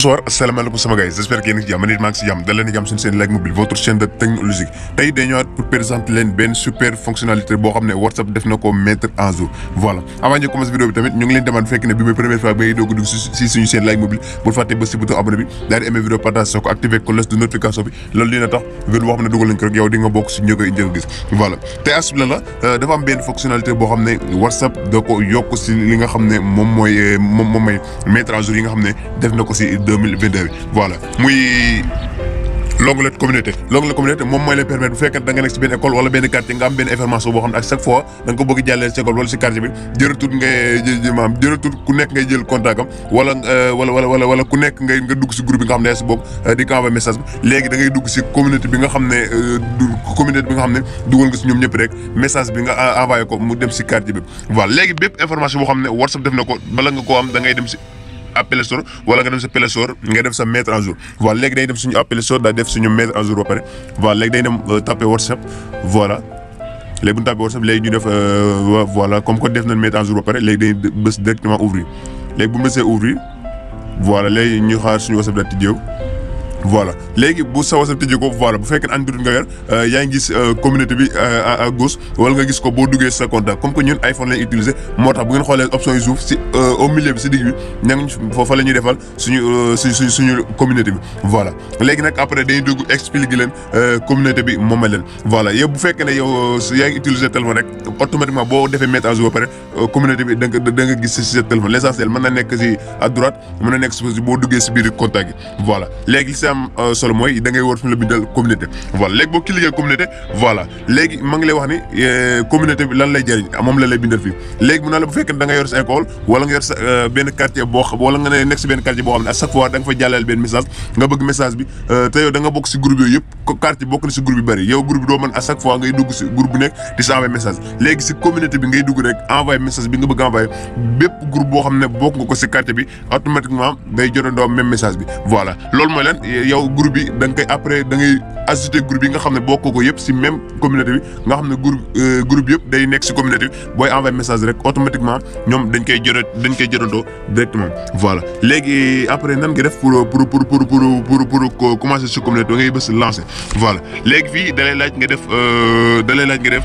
bonsoir asalaamaaleykum sama gars yi j'espère que yéen a ngi si jàmm nit maa ngi si jàmm dal leen di jàmm suñu seen Like Mobile votre chaîne de technologie tey dañu ñëwaat pour présenter leen benn super fonctionnalité boo xam ne WhatsApp def na ko mettre en jour voilà avant ñu commencer vidéo bi tamit ñu ngi leen demande fekk ne bi mooy première fois bay doog a dugg si suñu seen Like Mobile bul fàtte ba si bouton abonné bi daal di aimer vidéo partage soo ko activer ko cloche de notification bi loolu dina tax vidéo boo xam ne dugal nañ ko rek yow di nga bokk si ñoo koy njëkk gis voilà tey asubla la euh, dafa am benn fonctionnalité boo xam ne WhatsApp da ko yokk si li nga xam ne moom mooy euh, moom moom mooy mettre en jour yi nga xam ne def na ko si deux mille vingt deux bi voilà muy. l'onglet communauté l'onglet communauté moom mooy lay permettre bu fekkee da nga nekk si benn école wala benn quartier nga am benn information boo xam ne nga ko bëgg ku nekk ngay jël contact am euh, wala wala wala wala ku nekk ngay nga dugg si groupe nga xam ne yaa si bokk euh, di ko envoyé dugg si communauté bi nga xam ne euh, du communauté bi nga xam ne dugal nga si ñoom ñëpp rek message bi nga envoyé ko mu dem si quartier bi voilà léegi bépp information boo xam ne WhatsApp def na ko bala nga koo am da ngay dem si app Play Store wala nga dem sa Play Store nga def sa mettre en jour voilà léegi day dem suñu app Play Store daa def suñu mettre en jour ba pare voilà léegi day dem euh, tapé WhatsApp voilà léegi bu ñu tapé WhatsApp léegi ñu def euh, voilà comme que def nañ mettre en jour léegi day bës directement ouvrir léegi bu mu bësee ouvrir voilà léegi ñu xaar suñu WhatsApp daal di voilà léegi bu sa WhatsApp tijji ko voilà bu fekkee Android nga yor euh, yaa ngi gis euh, communauté bi euh, à à gauche nga gis ko boo duggee sa contact comme que ñun iPhone lañ utiliser moo tax bu ngeen xoolee option yi foofa la ñuy defal suñu suñu suñu communauté bi voilà. léegi nag après dañuy dugg expliquer leen communauté bi moom leen voilà yow bu fekkee ne yow yaa ngi utiliser téléphone rek automatiquement boo defee mettre à jour ba pare communauté bi da nga da nga gis si sa téléphone l' na nekk si à droite mën na nekk si boo duggee si biir contact yi am euh, solo mooy da war fu la bindal communauté voilà léegi boo cliquer euh, communauté bi lan lay jëriñ ah, moom la lay bindal fii léegi mun naa la bu fekkee da nga yor sa école wala nga yor sa euh, benn quartier boo xam ne nekk si benn quartier boo xam si groupe yooyu yëpp yow groupe bi doo mën à chaque fois ngay dugg si groupe bi ngay dugg rek envoyé message bi nga bëgg envoyé bépp groupe boo xam ne bokk ko si quartier bi automatiquement day jotandoo même message bi voilà loolu mooy Euh, yow groupe bi da nga koy après da ngay ajouter groupe yi nga xam ne bokkoo ko yëpp si même communauté bi nga xam ne groupe euh, groupe yëpp day nekk si communauté bi booy envoyé message rek automatiquement ñoom dañ koy jot dañ koy jotandoo directement voilà léegi après nan nga def pour pour pour pour pour pour commencer si communauté da ngay si lancer voilà léegi fii da laaj nga def euh, da lay laaj nga def.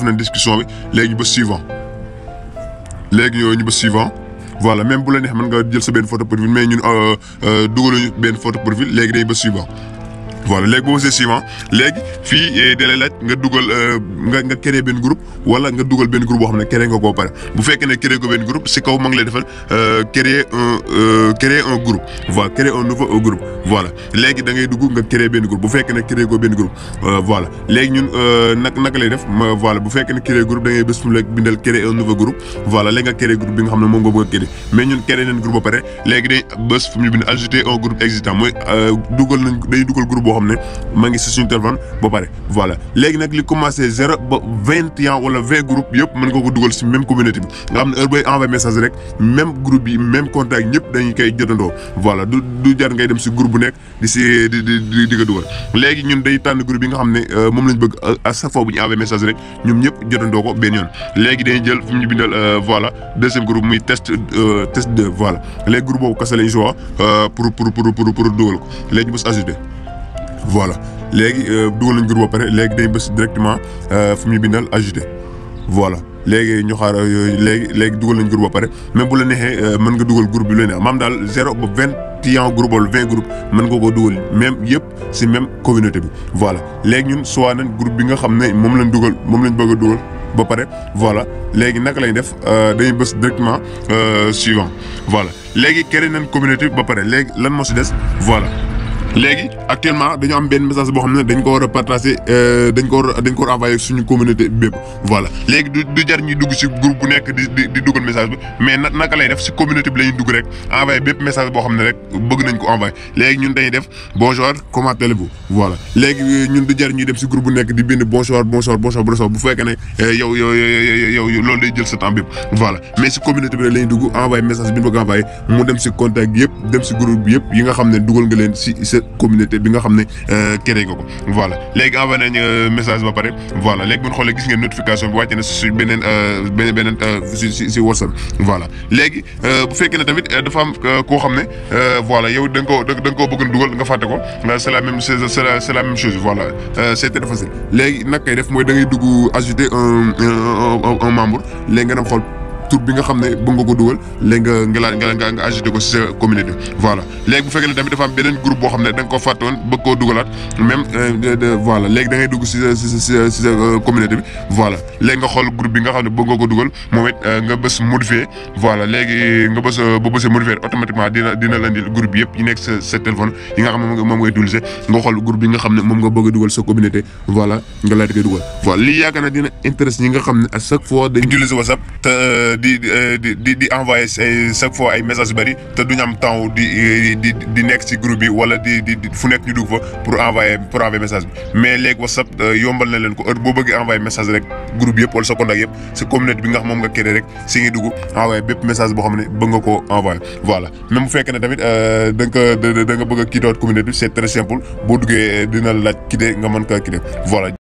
def na discussion bi léegi ñu ba suivant léegi yooyu ñu ba suivant voilà même bu la neex mën nga jël sa benn photo profil mais ñun euh, euh, dugaluñu benn photo profil léegi dañu ba suivant voilà léegi boo gisee suivant fii eh, da lay nga dugal euh, nga nga créé benn groupe wala nga dugal benn groupe boo xam ne créé nga bu fekkee ne créé ko benn groupe si kaw ma ngi lay defal euh, créer un euh, créer un groupe voilà créer un nouveau groupe léegi da ngay dugg nga créé benn groupe bu fekkee ne créé ko benn groupe voilà léegi ñun nag naka lay def voilà bu fekkee ne créé groupe da ngay bés fu mu la bindal créer un nouveau groupe voilà léegi nga créé groupe bi nga xam ne moom nga bëgg a mais ñun créé nañ groupe ba pare léegi day bés fu mu ñu bind ajouter un groupe existant mooy dugal nañ dugal groupe boo xam ne maa ngi si suñu téléphone ba pare voilà léegi nag li commencé zéro ba vingt ans wala vingt group yëpp mën nga ko dugal si même communauté bi nga xam ne heure booy envoyé message rek même groupe yi contact ñëpp dañu koy jotandoo voilà du du jar ngay dem si group bu nekk di si di di di ko dugal léegi ñun day tànn groupe yi nga xam ne euh, moom lañ bëgg euh, à chaque ñu envoyé message rek ñoom ñëpp jotandoo ko benn yoon léegi dañuy jël fi ñu bindal euh, voilà deuxième groupe muy test test deux voilà léegi groupe boobu kese lañ jox pour pour pour pour dugal ko léegi ñu bës ajouté voilà léegi euh, dugal nañ groupe ba pare léegi dañ bës directement euh, fu ñu bindal ajouté voilà léegi ñu xaar euh, léegi léegi dugal nañ groupe ba pare même bu la neexee mën nga dugal groupe bi lu ne daal zéro ba vingt client groupe wala vingt groupe mën nga koo dugal même yëpp si même communauté bi voilà léegi ñun soit nañ groupe bi nga xam ne moom lañ dugal moom lañu bëgg a dugal ba pare voilà léegi naka lañ def dañuy bës directement suivant voilà léegi créé nañ communauté bi ba pare léegi lan moo si des voilà léegi actuellement dañu am benn message boo xam ne dañ ko war a partager dañ ko euh, war dañ ko war a envoyer suñu communauté bépp voilà léegi du du jar ñuy dugg si groupe bu nekk di di di duggal mais na naka lay def si communauté bi la ñuy dugg rek envoyer bépp message boo xam ne rek bëgg nañ ko envoyer léegi ñun dañuy def bonjour comment allez-vous voilà léegi euh, ñun du jar ñuy dem si groupe bu nekk di bind bonjour bonjour bu fekkee ne euh, yow yow yow yow loolu day jël sa temps bépp voilà mais si communauté bi rek dugg envoyer message bi ñu bëgg envoyer mu dem si contact yëpp dem si groupe yëpp yi nga xam ne dugal nga leen si sa communauté bi nga xam ne euh, créé nga ko voilà léegi envoyé nañ euh, message ba pare voilà léegi bu ñu xoolee gis ngeen notification bi wàcce na si euh, beneen beneen beneen si si si WhatsApp voilà léegi bu fekkee ne tamit dafa am koo xam ne voilà yow da nga koo da nga koo bëgg a dugal nga fàtte ko c'est la même chose c'est la même chose voilà c'est très facile léegi nag kay def mooy dangay ngay dugg ajouter un un un membre léegi nga dem xool. tur bi nga xam ne bëgg nga ko dugal léegi nga nga ko communauté voilà léegi bu fekkee ne tamit dafa am beneen groupe boo xam ne da ko fàtte woon bëgg dugalaat même euh, voilà léegi da ngay euh, bi yëpp yi nekk sa téléphone yi nga xam ne moom nga utiliser nga xool groupe bi nga xam ne moom nga bëgg dugal sa communauté voilà nga laaj koy dugal voilà lii yaakaar na dina intéresse ñi nga xam ne à chaque fois dañ utiliser WhatsApp euh, Euh, di di di envoyé chaque fois ay message yu bëri te duñ am temps di euh, di di nekk ci groupe bi wala di di fu nekk ñu dugg fa pour envoyé pour envoyé message bi mais léegi WhatsApp euh, yombal na leen ko heure boo bëggee envoyé message rek groupe yëpp wala sa contact yëpp communauté bi nga xam moom nga créé rek si ngi dugg envoyé bépp message boo xam ne bëgg nga koo envoyé voilà même bu fekkee ne tamit da bëgg a kiitoot communauté bi c'est très simple boo duggee dina la laaj kii